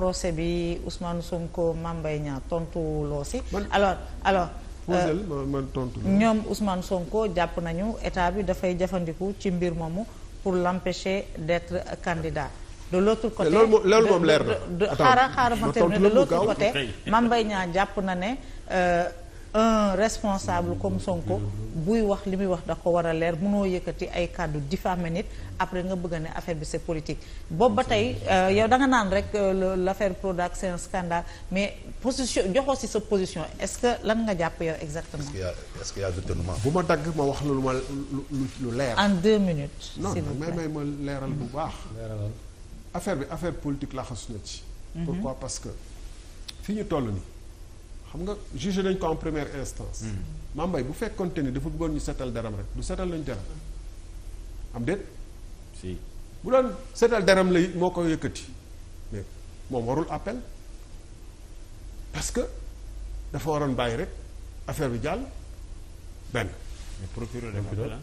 procès bi Ousmane Sonko Mame Mbaye Niang tontuloo si alors alors euh, man tontu ñoom Ousmane Sonko jàpp nañu état bi dafay jafandiku ci mbir moomu pour l'empêcher d'être candidat de l'autre côté loolu moom leer na xaaral xaaral ma terminer de l'autre côté Mame jàpp na ne euh, un responsable comme Sonko buy wax li muy wax da ko war a leer mënoo yëkkati ay kàddu diffamé nit après nga bëgg ne affaire bi c'est politique boobu ba tey euh, yow da nga naan rek euh, l'affaire Prodac c'est un mais position joxoo si sa position est-ce que lan nga jàpp yow exactement. est-ce qu'il y ma dagg ma wax la lu ma lu lu leer. en deux minutes. non may leeral bu baax. Mm-hmm. affaire bi affaire politique la xas na ci. Mm-hmm. pourquoi parce que fi ñu toll nii. xam nga jugé nañ ko en première instance. Hmm. Mame Mbaye bu fekkonte ni dafa bëggoon ñu setal daram rek du setal nañ daram am déet. si bu doon setal daram la it moo ko yëkkati mais moom warul appel parce que dafa waroon bàyyi rek affaire bi jàll benn. mais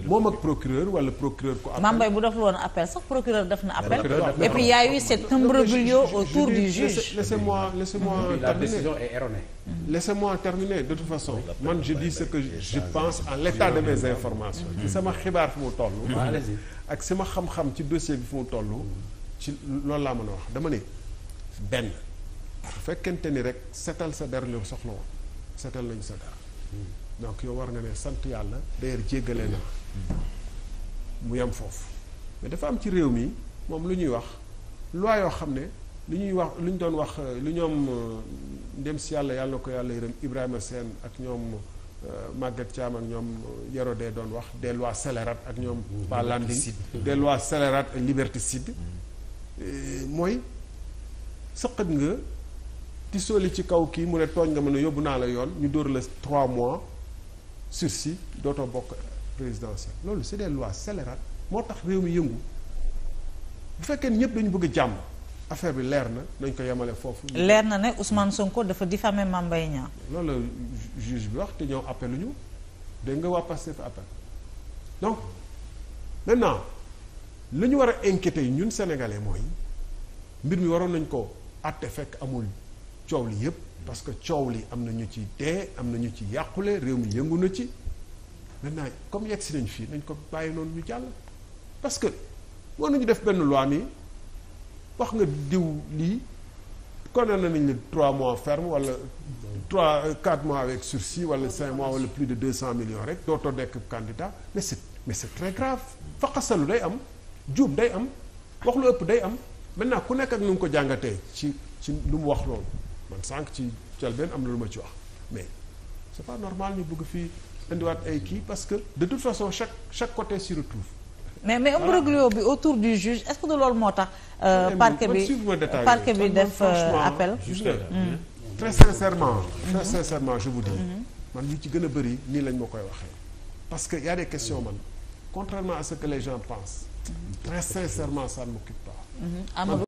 moom ak procureur wala procureur ko appel Mambay bu def woon appel sax procureur def na appel et puis y a eu cet imbroglio autour du juge laissez-moi laissez-moi la décision est erronée laissez-moi terminer de toute façon man je dis ce que je pense en l'état de mes informations ci sama xibaar fi mu toll ak sama xam-xam ci dossier bi fi mu toll ci loolu laa mën a wax dama ne benn fekkente ni rek setal sa der la soxla woon setal nañu sa der hmm. donc yow war nga ne sant yàlla d'ailleurs jéggale na mu yam foofu mais dafa am ci réew mi moom lu ñuy wax loi yoo xam ne lu ñuy wax lu ñu doon wax lu ñoom euh, dem si yàlla yàlla na ko yàlla yërëm Ibrahima seen ak ñoom euh, Maguette Thiam ak ñoom euh, Yarodé doon wax des lois scélérates ak ñoom mmh. Pa Landing mmh. des lois scélérates et liberticides mmh. mooy sëqat nga ti ci kaw kii mu ne tooñ nga mën a yóbbu naa la yoon ñu dóor la trois mois sursis dootoo bokk présidentiel loolu c'est des lois scélérates moo tax réew mi yëngu bu fekkee ñëpp dañu bëgg jàmm affaire bi leer na nañ ko yemale foofu. leer na ne Ousmane Sonko dafa diffamé Mame Mbaye Niang. loolu la juge bi wax te ñëw ñoom appelu ñu dégg nga waa Pastef appel donc maintenant li ñu war a yi ñun sénégalais mooy mbir mi waroon nañ ko àtte fekk amul. coow li yëpp parce que coow lii am na ñu ci dee am na ñu ci yàqule réew mi yëngu na ci naa comme yegg si nañ fii nañ ko bàyyi noonu ñu jàll parce que war nañu def benn loi nii wax nga diw lii condamné nañ la trois mois ferme wala trois quatre mois avec sursis wala cinq mois wala plus de deux cent millions rek dootoo nekk candidat mais c'est mais c'est très grave faqasalu day am juum day am wax lu ëpp day am maintenant ku nekk ak nu mu ko jàngatee ci ci lu mu wax loolu man sànq ci col benn am na lu ma ci wax mais c'est pas normal ñu bëgg fii indiwaat ay kii parce que de toute façon chaque chaque côté s'y retrouve mais mais imbroglio bi autour du juge est-ce que loolu moo tax. Euh, parquet bi def euh, appel. Hmm. très sincèrement. très sincèrement je vous dis. Hmm. man ñu ci gën a bëri nii lañ ma koy waxee. parce que y a des questions man contrairement à ce que les gens pensent. très sincèrement ça ne m'occupe pas. Hmm.